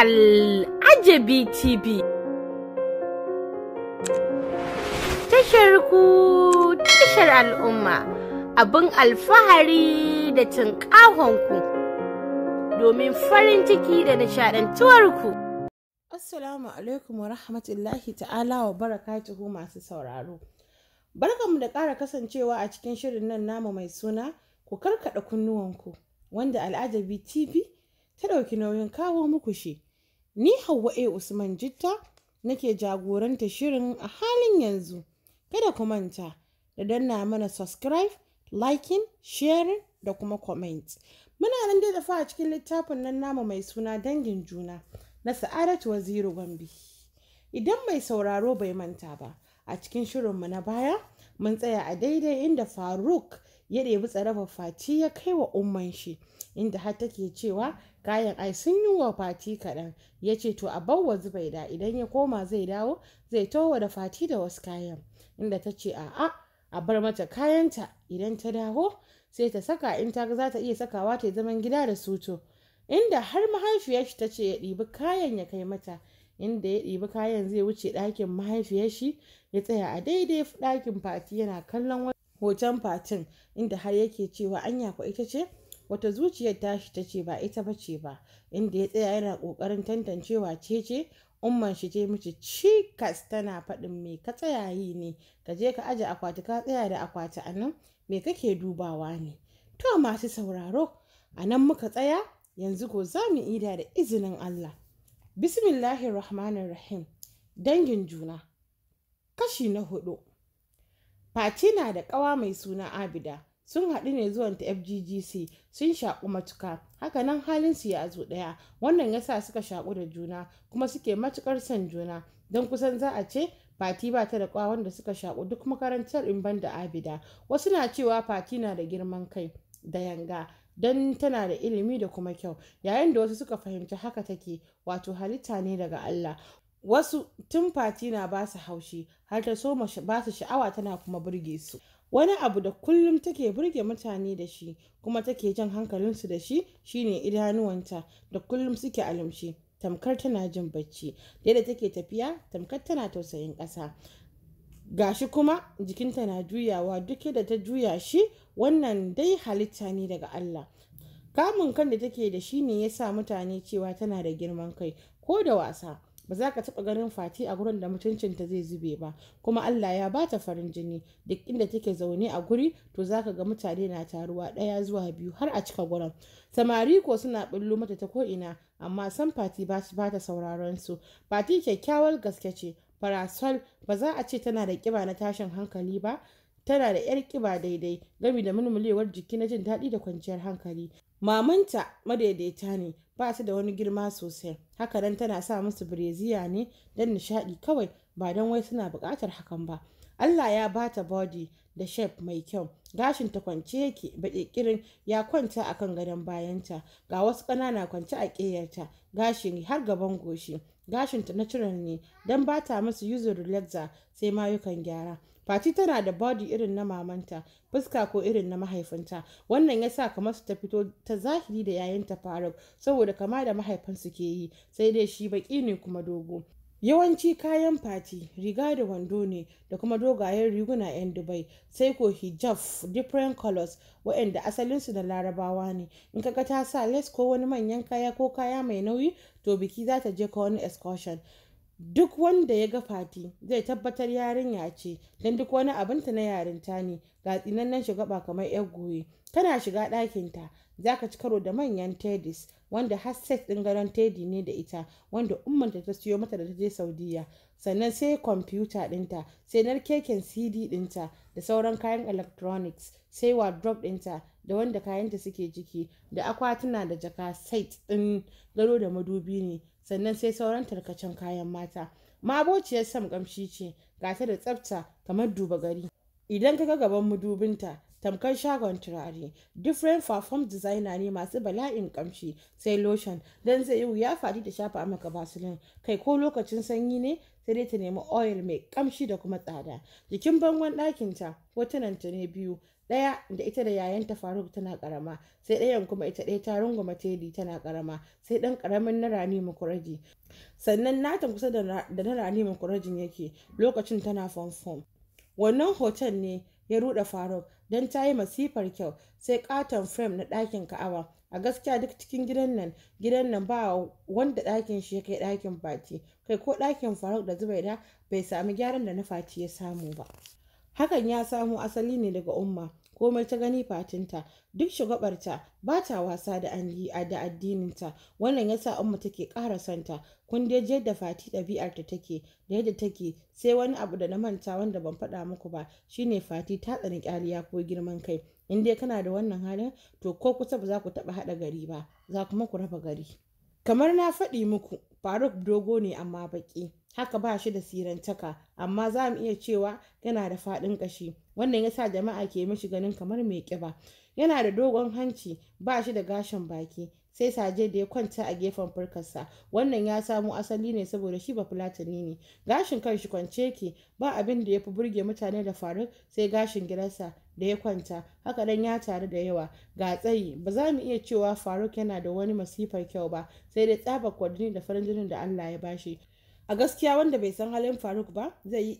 Al'ajabi TV. Tashar ku tashar al'umma abin alfahari da ku domin farin ciki da ku. Assalamu alaikum wa rahmatullahi ta'ala wa barakatuhu masu sauraro. Barkanmu da ƙara kasancewa a cikin shirin nan namu mai suna ku karkaɗa kunnuwanku wanda al'ajabi TV ta ɗauki nauyin kawo muku shi Ni Hauwa A. Usman Jitta nake jagoranta shirin a halin yanzu. Kada ku manta da danna mana subscribe, liking, sharing da kuma comment. Muna nan dai da a cikin littafin nan namu mai suna dangin juna na Sa'adatu Waziru Gombe. Idan mai sauraro bai manta ba, a cikin shirinmu na baya mun tsaya a daidai inda Faruk ya ɗebi tsarafa fati ya kai wa umman shi inda har take cewa kayan ai sun yi wa fati kaɗan ya ce to a bawa zubaida idan ya koma zai dawo zai towa da fati da wasu kayan inda ta ce a'a a bar mata kayanta idan ta dawo sai ta saka in ta za ta iya sakawa ta zaman gida da suto inda har mahaifiyar shi ta ce ya ɗibi kayan ya kai mata inda ya ɗebi kayan zai wuce ɗakin mahaifiyar shi ya tsaya a daidai ɗakin fati yana kallon hoton fatin inda har yake cewa anya ko ita ce wata zuciyar tashi ta ce ba ita ba ce ba inda ya tsaya yana kokarin tantancewa ce ce umman shi ce mace cikas tana faɗin me ka tsaya yi ne ka je ka aje akwati ka tsaya da akwati a nan me kake dubawa ne to masu sauraro a nan muka tsaya yanzu ko za mu ida da izinin Allah bismillahir rahim dangin juna kashi na hudu Fati na da ƙawa mai suna Abida. Sun haɗu ne zuwan ta FGGC sun shaƙu matuka, haka nan halin su ya zo ɗaya, wannan ya sa suka shaƙu da juna kuma suke matukar son juna, don kusan za a ce Fati ba ta da kawa wanda suka shaƙu duk makarantar in banda Abida. Wasu na cewa Fati na da girman kai da yanga, don tana da ilimi da kuma kyau yayin da wasu suka fahimci haka take wato halitta ne daga Allah wasu tun fati na ba su haushi har ta so ba su sha'awa tana kuma burge su wani abu da kullum take burge mutane da shi kuma take jan hankalinsu da shi shine idanuwanta da kullum suke alamshi tamkar tana jin bacci da take tafiya tamkar tana tausayin ƙasa gashi kuma jikinta na juyawa duk da ta juya shi wannan dai halitta ne daga Allah kamun kan da take da shi ne ya sa mutane cewa tana da girman kai ko da wasa ba za ka taɓa ganin fati a gurin da mutuncinta zai zube ba kuma Allah ya bata farin jini duk inda take zaune a guri to za ka ga mutane na taruwa ɗaya zuwa biyu har a cika gurin samari ko suna ɓullo mata ta ko'ina amma san fati ba ta sauraron su fati kyakkyawar gaske ce farasol ba za a ce tana da ƙiba na tashin hankali ba tana da 'yar ƙiba daidai gami da mulmulewar jiki na jin daɗi da kwanciyar hankali mamanta madaidaita ne ba su da wani girma sosai haka nan tana sa musu bireziya ne don nishaɗi kawai ba don wai suna buƙatar hakan ba Allah ya bata body da shape mai kyau gashin ta kwance yake baƙiƙirin ya kwanta akan gadon bayanta ga wasu ƙanana kwance a ƙeyarta gashin har gaban goshi gashinta ta natural ne don bata musu using relaxer sai mayukan gyara Fati tana da body irin na mamanta, fuska ko irin na mahaifinta. Wannan ya sa kamar su ta fito ta zahiri da yayinta Faruk saboda kama da mahaifinsu ke yi, sai dai shi baƙi ne kuma dogo. Yawanci kayan fati, riga da wando ne da kuma dogayen riguna 'yan Dubai, sai ko hijab different colors wa'anda asalinsu da larabawa ne. In kaga ta sa les ko wani manyan kaya ko kaya mai nauyi, to biki za ta je ka wani excursion. duk wanda ya ga fati zai tabbatar yarinya ce don duk wani abinta na yarinta ne ga tsinannen ba kamar yar goye tana shiga ɗakinta za ka ci karo da manyan tedis wanda har ɗin garan tedi ne da ita wanda ummanta ta siyo mata da ta je saudiya sannan sai kwamfuta ɗinta sai keken cd ɗinta da sauran kayan electronics sai wardrobe ɗinta da wanda kayanta suke jiki, da akwatuna da jaka site ɗin gado da madubi ne sannan sai sauran tarkacen kayan mata mabociyar sam kamshi ce gata da tsafta kamar duba gari idan ka ga gaban mudubinta tamkar shagon turare different perform designer ne masu bala'in kamshi sai lotion don zai yi ya faɗi da shafa maka basilin kai ko lokacin sanyi ne sai dai ta nemi oil mai kamshi da kuma tsada jikin bangon ɗakinta hotunanta ne biyu ɗaya da ita da yayanta faruk tana karama sai ɗayan kuma ita ɗaya ta rungume tedi tana karama sai ɗan karamin na rani makuraji sannan nata kusa da na rani makurajin yake lokacin tana fomfom wannan hoton ne ya ruɗa faruk don ta yi masifar kyau sai katon frame na ɗakin ka'awa a gaskiya duk cikin gidan nan gidan nan ba wanda ɗakin shi ya kai ɗakin fati kai ko ɗakin faruk da zubaida bai sami gyaran da na fati ya samu ba hakan ya samo asali ne daga umma komai ta gani fatinta duk shugabarta ba ta wasa da addininta wannan ya sa umma take ƙara santa kun dai da fati ɗabi'arta take da yadda take sai wani abu da na manta wanda ban faɗa muku ba shine fati ta tsani kyaliya ko girman kai in dai kana da wannan halin to ko kusa ba za ku taɓa haɗa gari ba za kuma ku raba gari kamar na faɗi muku faruk dogo ne amma baƙi haka ba shi da sirantaka amma za mu iya cewa yana da faɗin ƙashi wannan ya sa jama'a ke mishi ganin kamar mai kiba? yana da dogon hanci ba shi da gashin baki sai saje da ya kwanta a gefen furkarsa wannan ya samo asali ne saboda shi ba fulatani ne gashin kanshi kwance yake ba abin da ya fi burge mutane da faruk sai gashin gidansa da ya kwanta haka dan ya taru da yawa ga tsayi ba za mu iya cewa faruk yana da wani masifar kyau ba sai dai tsabar kwadini da farin jinin da allah ya bashi a gaskiya wanda bai san halin faruk ba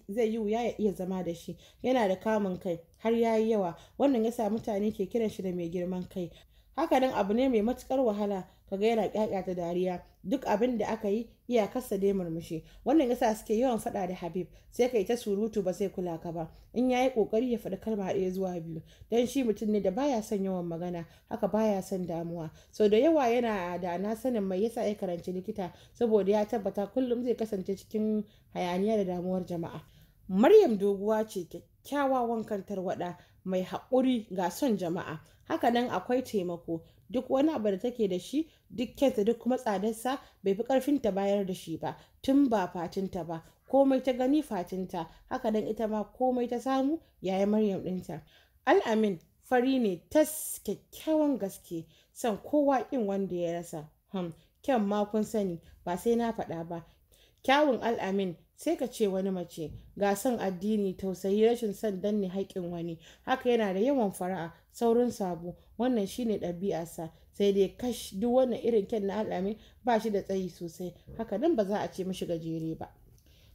zai yi wuya ya iya zama da shi yana da kamun kai har ya yi yawa wannan ya sa mutane ke kiran shi da mai girman kai hakanan abu ne mai matukar wahala kaga yana ta dariya duk abin da aka yi iyakarsa dai murmushi wannan yasa suke yawan faɗa da habib sai kai ta surutu ba sai kula ka ba in yayi kokari ya faɗi kalma ɗaya zuwa biyu dan shi mutum ne da baya son yawan magana haka baya son damuwa sau da yawa yana da na sanin mai yasa ya karanci likita saboda ya tabbata kullum zai kasance cikin hayaniya da damuwar jama'a maryam doguwa ce kyakkyawa wankan waɗa. mai haƙuri ga son jama'a Haka hakanan akwai taimako duk wani abu da take da shi duk kyanta duk kuma tsadarsa bai fi ƙarfin ta bayar da shi ba tun ba fatinta ba komai ta gani fatinta hakanan ita ma komai ta samu yayi maryam ɗinta al'amin fari ne ta kyakkyawan gaske san kowa ƙin wanda ya rasa hmm, kyan ma kun sani ba sai na faɗa ba kyawun al'amin sai ka ce wani mace ga son addini tausayi rashin son danne haƙƙin wani haka yana da yawan fara'a saurin sabo wannan shine sa sai dai kash duk wannan irin kyan na al'amin ba shi da tsayi sosai haka nan ba za a ce mashi gajere ba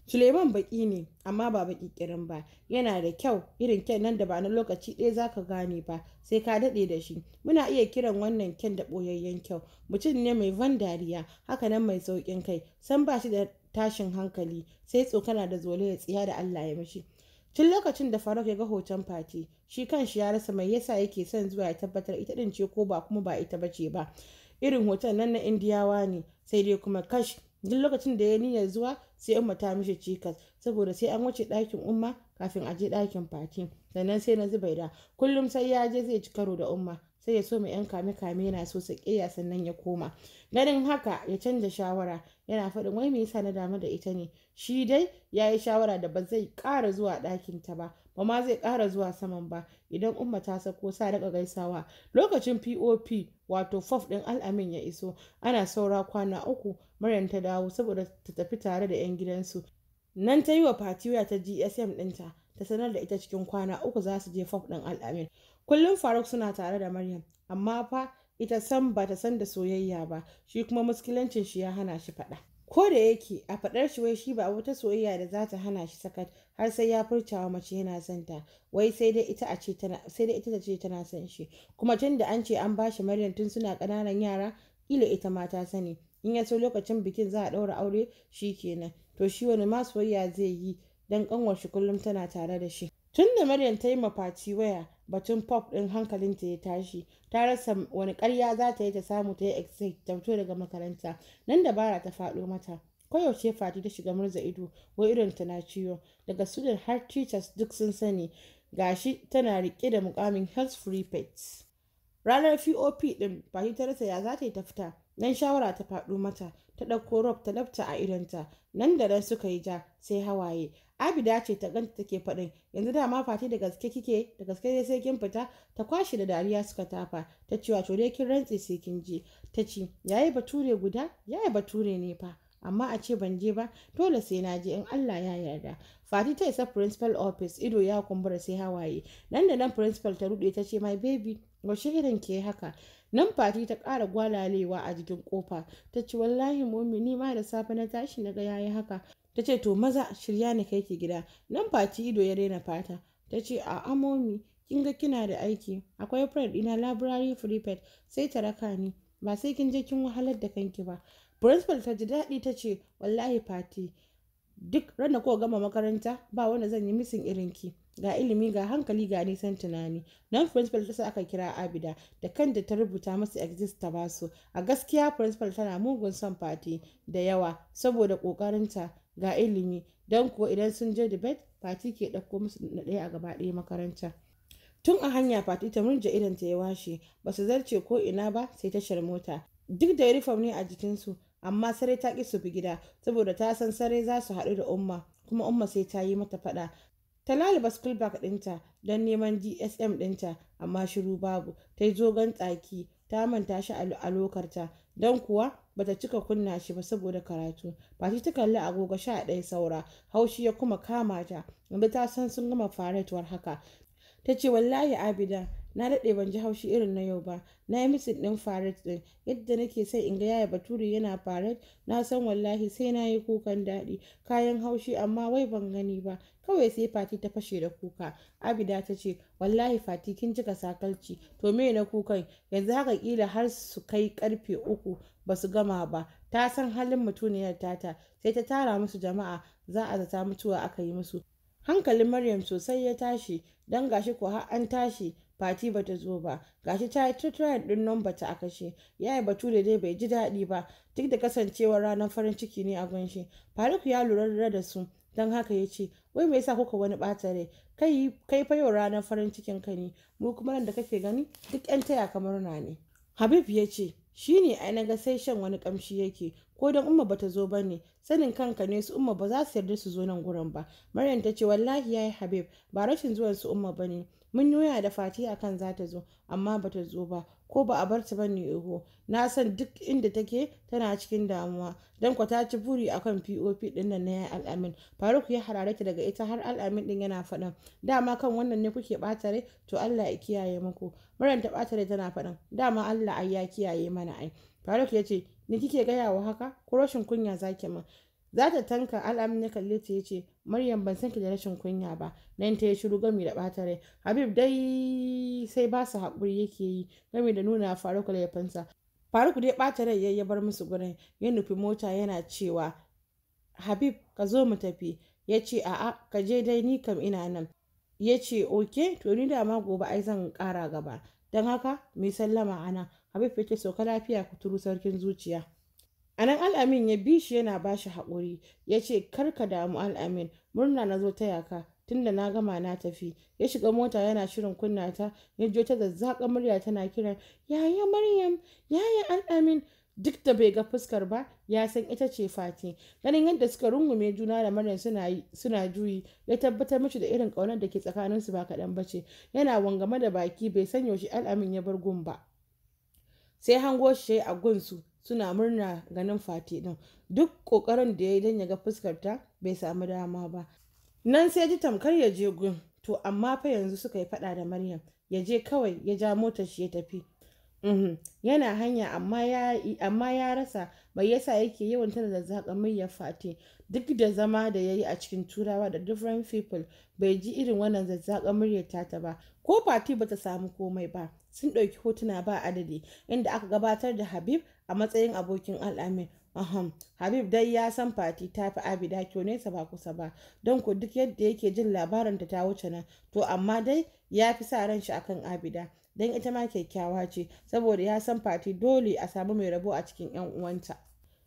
Suleiman baƙi ne amma ba baƙi ƙirin ba yana da kyau irin kyan nan da ba na lokaci ɗaya za ka gane ba sai ka daɗe da shi muna iya kiran wannan kyan da ɓoyayyen kyau mutum ne mai van dariya haka nan mai sauƙin kai san ba shi da tashin hankali sai tsokana da zole ya tsiya da Allah ya mishi tun lokacin da faruk ya ga hoton fati shi kanshi ya rasa mai yasa yake son zuwa ya tabbatar ita din ce ko ba kuma ba ita bace ba irin hoton nan na indiyawa ne sai dai kuma kash duk lokacin da ya niyyar zuwa sai umma ta mishi cikas saboda sai an wuce ɗakin umma kafin a je ɗakin fati sannan sai na zubaida kullum sai ya je zai ci karo da umma sai ya so mai yan kame kame yana so su sannan ya koma ganin haka ya canza shawara yana faɗin wai me yasa na damu da ita ne shi dai ya yi shawara da ba zai ƙara zuwa ɗakin ta ba ba ma zai ƙara zuwa saman ba idan umma ta sako sa daga gaisawa lokacin pop wato fof ɗin al'amin ya iso ana saura kwana uku maryam ta dawo saboda ta tafi tare da 'yan gidansu nan ta yi wa fatiwa ta gsm ɗinta ta sanar da ita cikin kwana uku za su je fof ɗin al'amin Kullum Faruk suna tare da Maryam, amma fa ita san ba ta san da soyayya ba, shi kuma muskilancin shi ya hana shi faɗa. Ko da yake a faɗar shi wai shi ba wata soyayya da za ta hana shi sakat har sai ya furtawa mace yana son ta, wai sai dai ita a ce tana sai dai ita ta ce tana son shi. Kuma tun da an ce an ba shi Maryam tun suna ƙananan yara, ila ita ma ta sani. In ya so lokacin bikin za a ɗaura aure shi kenan. To shi wani ma soyayya zai yi dan ƙanwar shi kullum tana tare da shi. Tun da Maryam ta yi mafaci waya, batun pop ɗin hankalinta ya tashi ta rasa wani karya za ta yi ta samu ta yi exit ta fito daga makaranta nan dabara ta faɗo mata koyaushe fati ta shiga murza ido wai irin ta na ciwo daga student har teachers duk sun sani gashi tana rike da mukamin health free pets ranar pop ɗin fati ta rasa ya za ta yi ta fita nan shawara ta faɗo mata ta ɗauko rob ta lafta a idonta nan da nan suka yi ja sai hawaye abida ce ta ganta take faɗin yanzu dama fati da gaske kike da gaske dai sai kin fita ta kwashe da dariya suka tafa ta ce wato dai kin rantse sai kin je ta ce yayi bature guda yayi bature ne fa amma a ce ban je ba dole sai na je in Allah ya yarda Fati ta isa principal office ido ya kumbura sai hawaye nan da nan principal ta rude ta ce my baby washe irin ke haka nan fati ta ƙara gwalalewa a jikin kofa ta ce wallahi momi ni ma da safe na tashi na ga yayi haka ta ce to maza shirya na kai ki gida fati ido ya daina fata ta ce a amomi kin ga kina da aiki akwai friend ina library prepaid sai ta raka ni ba sai kin je kin wahalar da kanki ba principal ta ji daɗi ta ce wallahi fati duk ranar ko gama makaranta ba wanda zan yi irin ki. ga ilimi ga hankali ga nisan tunani nan principal ta aka kira abida da kan da ta rubuta masu exist ta basu a gaskiya principal tana mugun son fati da yawa saboda kokarinta ga ilimi don kuwa idan sun je debate fati ke ɗauko musu na ɗaya a gaba ɗaya makaranta tun a hanya fati ta murja idan ta ya washe ba su zarce ko ina ba sai tashar mota duk da uniform ne a jikinsu amma sare ta ki su bi gida saboda ta san sare za su haɗu da umma kuma umma sai ta yi mata faɗa ta lalaba schoolbag ɗinta don neman dsm ɗinta amma shiru babu ta yi zogon tsaki ta manta shi a lokarta don kuwa bata cika kunna shi ba saboda karatu Fati ta kalli agogo sha ɗaya saura haushi ya kuma kama ta wanda ta san sun gama faretuwar haka ta ce wallahi abida na daɗe ban ji haushi irin na yau ba na yi misin ɗin faret ɗin yadda nake sai in ga yaya bature yana faret na san wallahi sai na yi kukan daɗi kayan haushi amma wai ban gani ba kawai sai fati ta fashe da kuka abida ta ce wallahi fati kin cika sakalci to me na kukan yanzu haka kila har su kai karfe uku ba su gama ba ta san halin mutuniyar tata sai ta tara musu jama'a za a zata mutuwa aka yi musu hankalin maryam sosai ya tashi don gashi ko har an tashi Fati ba ta zo ba, gashi ta yi tuturayen ɗin nan ba ta a kashe, ya batu da dai bai ji daɗi ba, duk da kasancewar ranar farin ciki ne a gunshi. Faruk ya lura da su, don haka ya ce, wai me yasa kuka wani ɓata rai, kai, kai fa yau ranar farin cikin ka ne, mu kuma nan da kake gani duk 'yan taya kamar na ne. Habib ya ce, shi ne ai na ga sai shan wani kamshi yake ko don umma bata zo ba ne sanin kanka ne su umma ba za su yarda su zo nan gurin ba maryam ta ce wallahi yayi habib ba rashin zuwan su umma ba ne mun yi da fati a kan za ta zo amma ba ta zo ba ko ba a bar ta ba ne oho na san duk inda take tana cikin damuwa dan kwa ta ci buri akan pop din nan na al'amin faruk ya harare daga ita har al'amin din yana faɗan dama kan wannan ne kuke ɓata rai to allah ya kiyaye muku muran ta ɓata rai tana faɗan dama allah ai ya kiyaye mana ai faruk ya ce ni kike gaya wa haka ko rashin kunya zaki ma za ta tanka al'amin ya kalle ta ya ce Maryam ban san ki da rashin kunya ba nan ta yi shiru gami da ɓata rai Habib dai sai ba su haƙuri yake yi gami da nuna Faruku fansa Faruku dai ɓata rai ya bar musu gurin ya nufi mota yana cewa Habib ka zo mu tafi ya ce a'a ka je dai ni kam ina nan ya ce oke to ni da ma gobe ai zan kara gaba don haka mai sallama ana Habib ya yake sauka lafiya kuturu sarkin zuciya A nan Al'amin ya bi shi yana ba shi haƙuri, ya ce, Kar ka damu Al'amin, murna na zo ta yaka, tunda na gama na tafi. Ya shiga mota yana shirin kunna ta, ya jo ta zazzaƙa murya tana kiran, Yaya Maryam, yaya Al'amin, duk da bai ga fuskar ba ya san ita ce fati ganin yadda suka rungume juna da maryam suna juyi ya tabbatar mishi da irin ƙaunar da ke tsakaninsu ba kaɗan ba ce yana wangama da baki bai san yaushe al'amin ya bar gun ba sai hango shi a gunsu suna murna ganin fati ɗin duk ƙoƙarin da ya yi don ya ga fuskarta bai samu dama ba nan sai ji tamkar ya je gun to amma fa yanzu suka yi faɗa da maryam ya je kawai ya ja motar shi ya tafi uhm, yana hanya amma ya rasa bai yasa yake yawan tana da zakamai ya Fati? duk da zama da ya yi a cikin turawa da different people bai ji irin wannan zazzakan muryar ta ba ko fati bata samu komai ba sun ɗauki hotuna ba adadi inda aka gabatar da habib a matsayin abokin al'amin Aham, Habib dai ya san Fati ta fi Abida kyau nesa ba kusa ba, don ku duk yadda yake jin labarin ta wuce nan, to amma dai ya fi sa ran shi akan Abida, don ita ma kyakkyawa ce, saboda ya san Fati dole a samu mai rabo a cikin 'yan uwanta.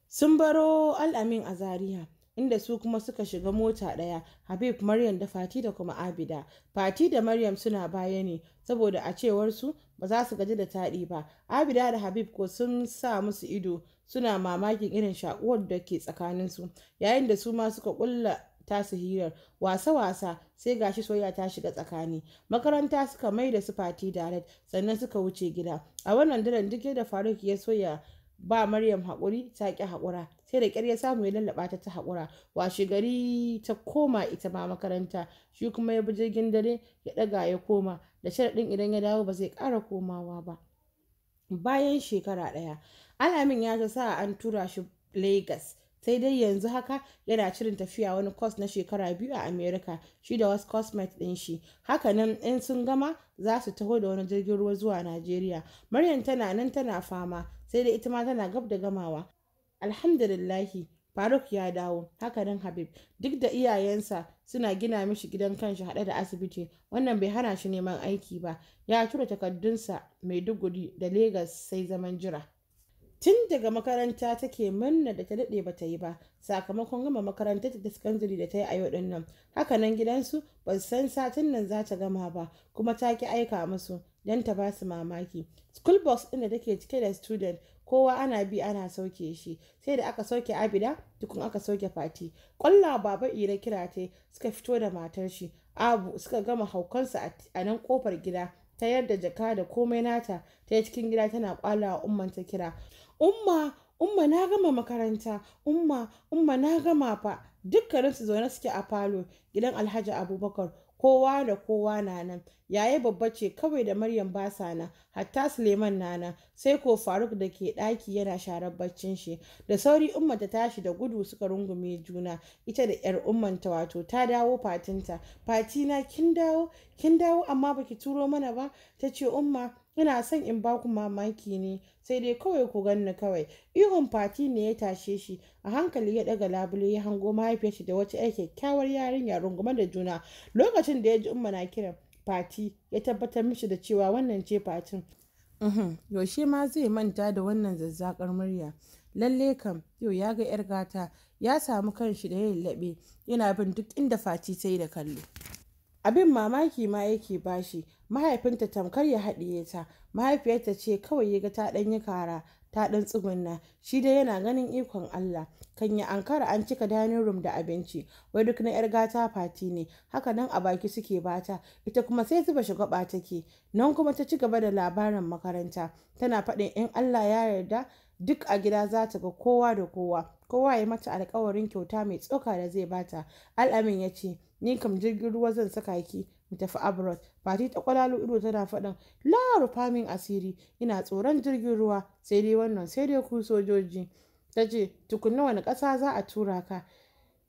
Sun baro al'amin a Zariya. inda su kuma suka shiga mota ɗaya habib maryam da fati da kuma abida fati da maryam suna baya ne saboda a cewar su ba za su gaji da taɗi ba abida da habib ko sun sa musu ido suna mamakin irin shakuwar da ke tsakanin su yayin da su ma suka ƙulla tasu hirar wasa-wasa sai gashi soyayya ta shiga tsakani makaranta suka mai da su fati da direct sannan suka wuce gida a wannan daren duk da faruk ya soya ba maryam haƙuri ta ƙi haƙura sai da kyar ya samu ya lallaba ta ta haƙura washe gari ta koma ita ma makaranta shi kuma ya bi jirgin dare ya ɗaga ya koma da sharaɗin idan ya dawo ba zai ƙara komawa ba bayan shekara ɗaya alamin ya ta sa an tura shi lagos sai dai yanzu haka yana cirin tafiya wani kwas na shekara biyu a america shi da wasu cosmet ɗin shi hakanan in sun gama za su taho da wani jirgin ruwa zuwa nigeria. maryam tana nan tana fama sai dai ita ma tana gab da gamawa Alhamdulillahi Faruk ya dawo, hakanan Habib, duk da iyayensa suna gina mishi gidan kanshi haɗe da asibiti, wannan bai hana shi neman aiki ba, ya tura takardunsa Maiduguri da Legas sai zaman jira. Tun daga makaranta take murna da ta daɗe ba ta yi ba, sakamakon gama makarantar ta sakandare da ta yi a yau ɗin nan. Hakanan gidansu ba san satin nan za ta gama ba, kuma ta ki aika musu, don ta ba su mamaki school box ɗin da take cike da student kowa ana bi ana sauke shi sai da aka sauke abida tukun aka sauke fati kwallo baba ira kira ta suka fito da matar shi abu suka gama haukansu a nan kofar gida ta yadda jaka da komai nata ta yi cikin gida tana kwalawa umman ta kira umma umma na gama makaranta umma umma na gama fa Dukkanin su zaune suke a falo gidan alhaji abubakar kowa da kowa na nan yaye babba ce kawai da maryam basa na?' hatta suleiman na nan sai ko faruk da ke ɗaki yana sharar baccin shi da sauri umma ta tashi da gudu suka rungume juna ita da yar umman ta wato ta dawo fatinta fatina kin dawo kin dawo amma baki turo mana ba ta ce umma ina son in ba ku mamaki ne sai dai kawai ku ganni kawai ihun fati ne ya tashe shi a hankali ya daga labule ya hango mahaifiyarshi da wata yar kyakkyawar yarinya rungume da juna lokacin Lokacin da ya ji Umma na kiran Fati ya tabbatar mishi da cewa wannan ce Fatin. Yaushe ma zai manta da wannan zazzakar murya. Lalle kam yau ya ga 'yar gata ya samu kanshi da ya laɓe yana bin duk inda Fati ta yi da kallo. abin mamaki ma yake bashi mahaifinta tamkar ya haɗiye ta mahaifiyarta ce kawai ya ga ta ɗan kara ta ɗan tsugunna shi dai yana ganin ikon Allah kan yi ankara an cika dining room da abinci wai duk na 'yar gata fati ne haka nan a baki suke bata ita kuma sai zuba shagwaba take nan kuma ta ci gaba da labarin makaranta tana faɗin in Allah ya yarda duk a gida za ta ga kowa da kowa kowa ya mata alkawarin kyauta mai tsoka da zai bata al'amin ya ce ni kam jirgin ruwa zan saka ki mu tafi abroad fati ta kwalalo ido tana faɗin la asiri ina tsoron jirgin ruwa sai dai wannan sai dai ku sojoji ta ce tukunna wani ƙasa za a tura ka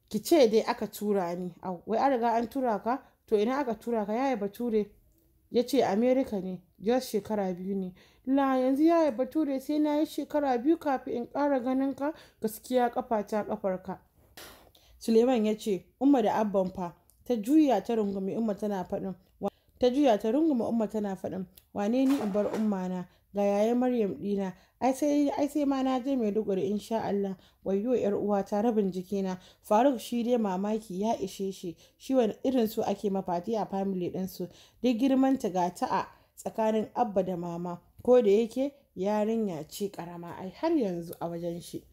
ki ce dai aka tura ni wai an riga an tura ka to ina aka tura ka yaya bature ya ce america ne just shekara biyu ne la yanzu ya yi bature sai na yi shekara biyu kafin in ƙara ganin ka gaskiya kafa ta kafar ka suleiman ya ce umma da abban fa ta juya ta rungumi umma tana faɗin ta wane ni in bar umma na ga yayan Maryam dina ai sai ma na je Maiduguri insha Allah wayo yar uwa ta rabin jikina Faruk shi dai mamaki ya ishe shi shi wani irin su ake mafati a family din su duk girman ta ga ta a tsakanin abba da mama ko da yake yarinya ce karama ai har yanzu a wajen shi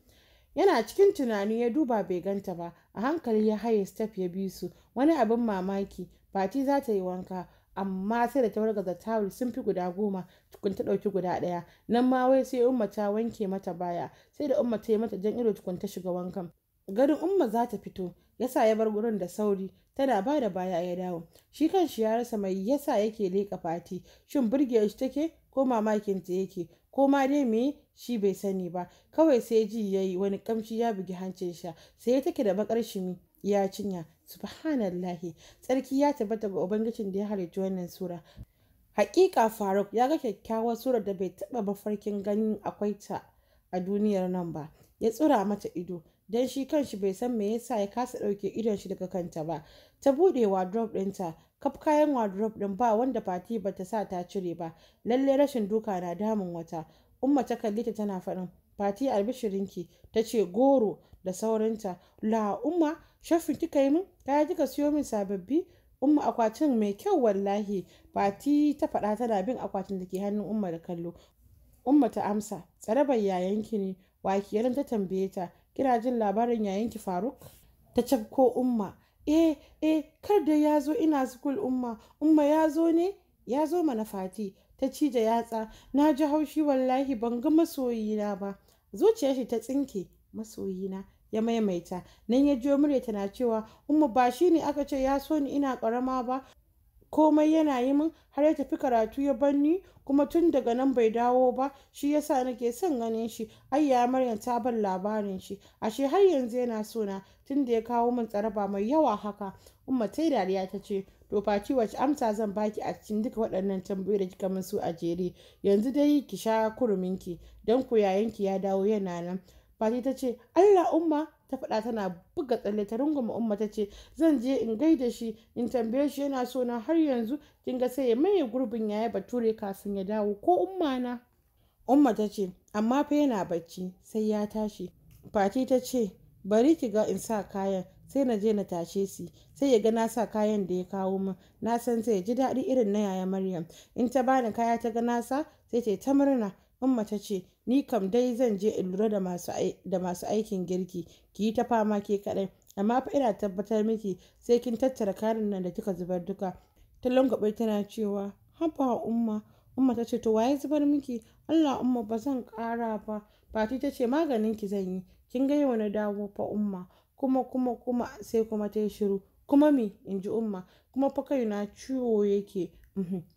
yana cikin tunani ya duba bai ganta ba a hankali ya haye step ya bi su wani abin mamaki fati za ta yi wanka amma sai da ta da tawul sun fi guda goma tukun ta ɗauki guda ɗaya nan ma wai sai umma ta wanke mata baya sai da umma ta yi mata jan ido tukun ta shiga wankan garin umma za ta fito yasa ya bar gurin da sauri tana ba da baya ya dawo shi kan shi ya rasa mai yasa yake leƙa fati shin burge shi take ko mamakin ta yake ko ma dai me shi bai sani ba kawai sai ji yayi wani kamshi ya bugi hancin sha sai ya take da bakar shimi Ya cinya subhanallahi tsarki ya tabbata ga ubangijin da ya halicci wannan sura hakika faruk ya ga kyakkyawar surar da bai taba mafarkin ganin akwai ta a duniyar nan ba ya tsura mata ido don shi kanshi bai san me yasa ya kasa ɗauke idon shi daga kanta ba ta buɗe wardrobe ɗinta kaf kayan wardrobe ɗin ba wanda fati ba ta sa ta cire ba lalle rashin duka na damun wata umma ta kalli ta tana faɗin fati albishirinki ta ce goro da saurinta la umma shafin kika yi min kaya kika siyo min sababbi umma akwatin mai kyau wallahi fati ta faɗa tana bin akwatin da ke hannun umma da kallo umma ta amsa tsarabar yayanki ne yaran ta tambaye ta kina jin labarin yayanki faruk ta cafko umma eh eh kar da ya zo ina sukul umma umma ya zo ne ya zo mana fati ta cije yatsa na ji haushi wallahi ban ga masoyina ba zuciyar shi ta tsinke masoyina ya maimaita nan ya jiyo murya tana cewa umma ba shi ne aka ce ya so ni ina karama ba komai yana yi min har ya tafi karatu ya banni kuma tun daga nan bai dawo ba shi yasa nake son ganin shi ayya maryam ta ban labarin shi ashe har yanzu yana so na tun da ya kawo min tsaraba mai yawa haka umma yi dariya ta ce to faki wace amsa zan baki a cikin duka waɗannan tambayoyi da kika min su a jere yanzu dai ki sha kuruminki don ku yayanki ya dawo yana nan Fati ta ce, Allah umma ta faɗa tana buga tsalle ta runguma umma ta ce, zan je in gaida shi in tambaye shi yana so na har yanzu kin ga sai ya maye gurbin yaya bature kafin ya dawo ko umma na. Umma ta ce, amma fa yana bacci sai ya tashi. Fati ta ce, bari ki ga in sa kayan sai na je na tashe su sai ya ga na sa kayan da ya kawo min na san sai ya ji daɗi irin na yaya maryam in ta bani kaya ta ga na sa sai ta yi ta murna Umma ta ce, Ni kam dai zan je in lura da masu aikin girki, ki yi ta fama ke kaɗai, amma fa ina tabbatar miki sai kin tattara karin nan da kika zubar duka. Ta langaɓe tana cewa, Haba Umma, Umma ta ce, To waye zubar miki? Allah Umma ba zan ƙara ba. Fati ta ce, Maganin ki zan yi, kin ga yau na dawo fa Umma, kuma kuma kuma sai kuma ta yi shiru. Kuma mi in ji Umma, kuma fa na ciwo yake,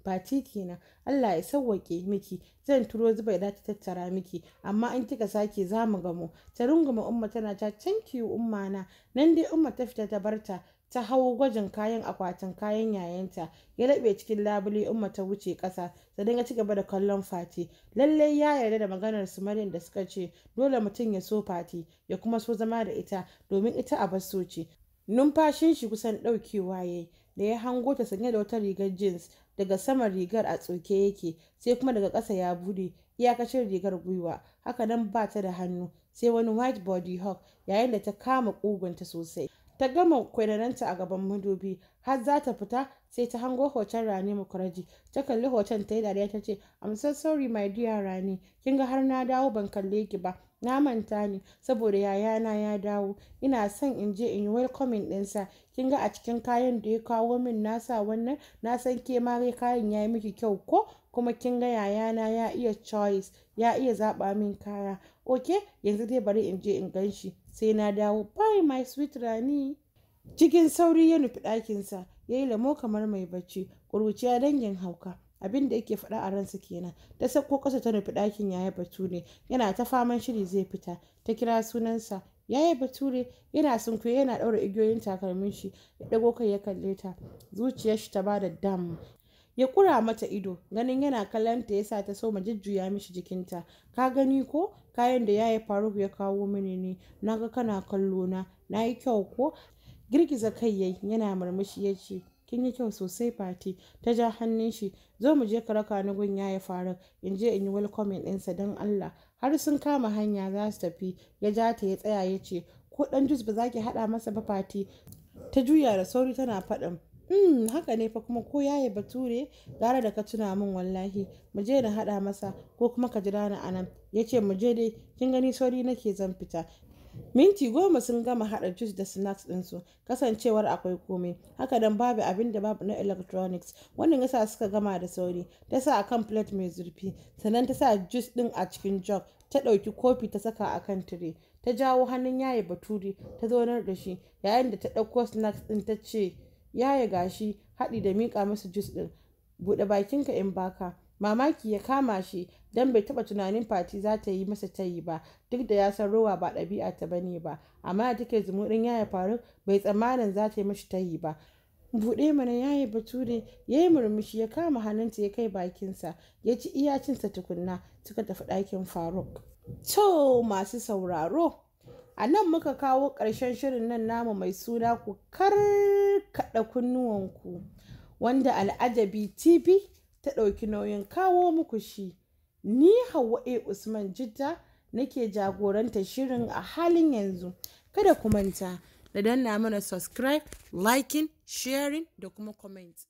Fati kenan Allah ya sawwaƙe miki zan turo zuba da ta tattara miki amma an kika sake za mu gamu ta runguma umma tana ta canki umma na nan dai umma ta fita ta barta ta hau gwajin kayan akwatin kayan yayanta ya laɓe cikin labule umma ta wuce ƙasa ta dinga ci gaba da kallon fati lallai ya yarda da maganar su maryam da suka ce dole mutum ya so fati ya kuma so zama da ita domin ita a basso ce numfashin shi kusan ɗaukewa yayi da ya hango ta sanye da wata rigar jeans daga saman rigar a tsoke yake sai kuma daga ƙasa ya bude iyakacin rigar gwiwa haka nan ba ta da hannu sai wani white body hawk yayin da ta kama ƙugunta sosai ta gama kwanaranta a gaban madubi har za ta fita sai ta hango hoton rani mukuraji ta kalli hoton ta yi dariya ta ce i'm so sorry my dear rani kin ga har na dawo ban kalle ki ba Na manta ni, saboda yayana ya dawo. Ina son in je in yi welcoming ɗinsa. Kin ga a cikin kayan da ya kawo min na sa wannan na san ke ma kai kayan ya yi miki kyau ko kuma kin ga yayana ya iya choice ya iya zaɓa min kaya. Ok yanzu dai bari in je in gan shi sai na dawo. Bye my sweet Rani. Cikin sauri ya nufi ɗakinsa ya yi lamo kamar mai bacci. Ƙuruciya dangin hauka. abin da yake faɗa a ransa kenan ta sauko ƙasa ta nufi ɗakin yaya bature yana ta faman shiri zai fita ta kira sunansa yaya bature yana sunkuye yana ɗaura igiyoyin takalmin shi ya ɗago kai ya kalle ta zuciyar shi ta bada dam ya ƙura mata ido ganin yana kallon ta yasa ta so ma jujjuya mishi jikinta ka gani ko kayan da yaya faruk ya kawo mini ne na ga kana kallo na yi kyau ko girgiza kai yana murmushi ya ce kin yi kyau sosai fati ta ja hannun shi zo mu je ka raka ni gun ya faru in je in yi welcoming ɗinsa don Allah har sun kama hanya za su tafi ya ja ta ya tsaya ya ce ko ɗan jus ba za ki haɗa masa ba fati ta juya da sauri tana faɗin Hmm, haka ne fa kuma ko yaye bature gara da ka tuna min wallahi mu je na haɗa masa ko kuma ka jira ni anan ya ce mu je dai kin gani sauri nake zan fita Minti goma sun gama hada jus da snacks ɗinsu, kasancewar akwai komai, haka dan babu abin da babu na electronics, wannan yasa suka gama da sauri, ta sa a kan plate mai zurfi, sannan ta sa jus din a cikin jug, ta dauki kofi ta saka a kan tire, ta jawo hannun yaye baturi, ta zaunar da shi, yayin da ta ɗauko snacks din ta ce, yaya gashi haɗi da mika masa jus din bude bakinka in baka. mamaki ya kama shi don bai taɓa tunanin fati za ta yi masa tayi ba duk da ya san rowa ba ɗabi'a ta bane ba amma da take zumuɗin yaya faru bai tsammanin za ta yi mashi tayi ba buɗe mana yayi bature ya yi murmushi ya kama hannunta ya kai bakinsa ya ci iyacinsa tukunna suka tafi ɗakin faruk to masu sauraro a nan muka kawo ƙarshen shirin nan namu mai suna ku karkaɗa kunnuwanku wanda al'ajabi tv ta ɗauki nauyin kawo muku shi. Ni Hauwa A. Usman Jidda nake jagoranta shirin a halin yanzu. Kada ku manta da danna mana subscribe, liking, sharing da kuma comment.